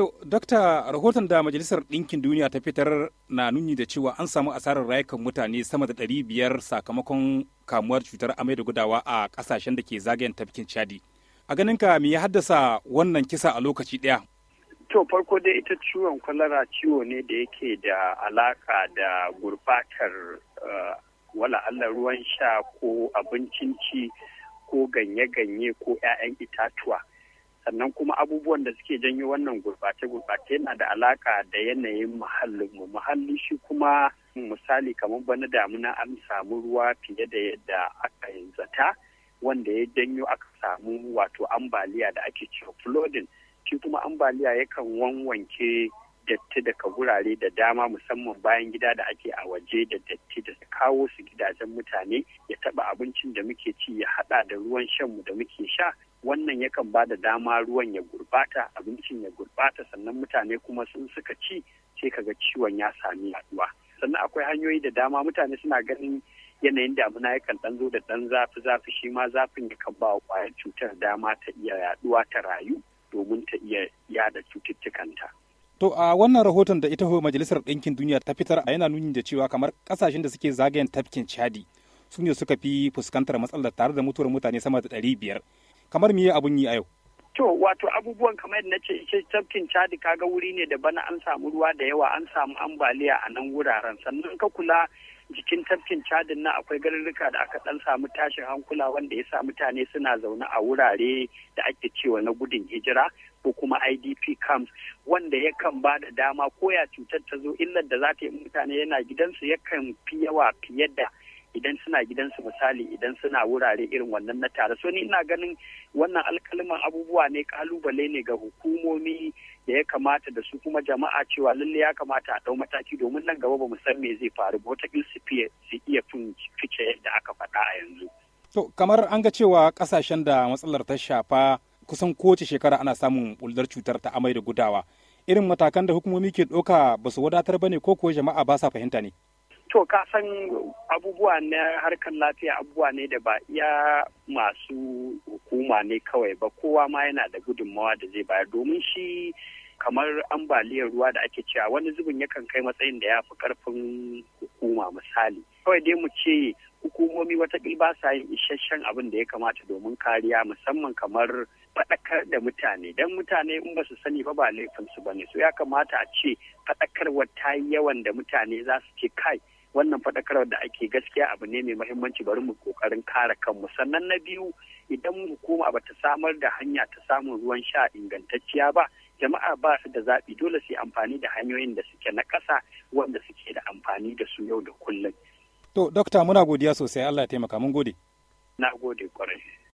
To, Dokta, rahoton da Majalisar Ɗinkin Duniya ta fitar na nuni da cewa an samu asarar rayukan mutane sama da ɗari biyar sakamakon kamuwar cutar amai da gudawa a ƙasashen da ke zagayen tafkin Chadi. A ganin me ya haddasa wannan kisa a lokaci ɗaya? To, farko dai ita ciwon kwalara ciwo ne da yake da alaka da gurbatar eh, wala Allah ruwan sha ko abincin ci ko ganye-ganye ko 'ya'yan itatuwa. sannan kuma abubuwan da suke janyo wannan gurbace-gurbace yana da alaka da yanayin muhallinmu muhalli shi kuma misali kamar bana damuna an samu ruwa fiye da yadda aka zata wanda ya janyo aka samu wato ambaliya da ake cewa flooding shi kuma ambaliya yakan wanwanke datti daga gurare da dama musamman bayan gida da ake a waje da datti da kawo su gidajen mutane ya taɓa abincin da muke ci ya haɗa da ruwan shan mu da muke sha wannan yakan ba da dama ruwan ya gurbata abincin ya gurbata sannan mutane kuma sun suka ci sai kaga ciwon ya sami yaduwa sannan akwai hanyoyi da dama mutane suna ganin yanayin damuna yakan dan zo da dan zafi zafi shi ma zafin yakan ba wa kwayar cutar dama ta iya yaduwa ta rayu domin ta iya yada cututtukanta. To a wannan rahoton da ita Majalisar Ɗinkin Duniya ta fitar a yana nuni da cewa kamar kasashen da suke zagayen tafkin Chadi su ne suka fi fuskantar matsalar tare da mutuwar mutane sama da ɗari biyar kamar me abun yi a yau to wato abubuwan kamar na ce ce tafkin chadi kaga wuri ne da bana an samu ruwa da yawa an samu ambaliya a nan wuraren sannan ka kula jikin tafkin cadin na akwai garurruka da aka dan samu tashin hankula wanda ya sa mutane suna zaune a wurare da ake cewa na gudun hijira ko kuma idp camps wanda yakan ba da dama koya cutar ta zo illar da za ta yi mutane yana gidansu yakan fi yawa fiye da idan suna gidansu misali idan suna wurare irin wannan na tare so ni ina ganin wannan alkalman abubuwa ne kalubale ne ga hukumomi da ya kamata da su kuma jama'a cewa lalle ya kamata a dau mataki domin nan gaba ba mu san me zai faru ba wata su iya fice yadda aka faɗa a yanzu. To kamar an ga cewa kasashen da matsalar ta shafa kusan kowace shekara ana samun bullar cutar ta amai da gudawa irin matakan da hukumomi ke ɗauka ba su wadatar ba ne ko kuwa jama'a ba sa fahimta ne. To ka san abubuwa na harkar lafiya abubuwa ne da ba iya masu hukuma ne kawai ba kowa ma yana da gudunmawa da zai bayar domin shi kamar ambaliyar ruwa da ake cewa wani zubin yakan kai matsayin da ya fi karfin hukuma misali kawai dai mu ce hukumomi wata ba sa yin isasshen abin da ya kamata domin kariya musamman kamar faɗakar da mutane don mutane in ba su sani ba ba laifinsu ba ne so ya kamata a ce faɗakar ta yi yawan da mutane za su ce kai wannan faɗakarwa da ake gaskiya abu ne mai mahimmanci bari mu kokarin kare kanmu sannan na biyu idan hukuma ba ta samar da hanya ta samun ruwan sha ingantacciya ba jama'a ba su da zaɓi dole su yi amfani da hanyoyin da suke na ƙasa wanda suke da amfani da su yau da kullum. To, Dokta, muna godiya sosai Allah ya taimaka, mun gode. Na gode kwarai.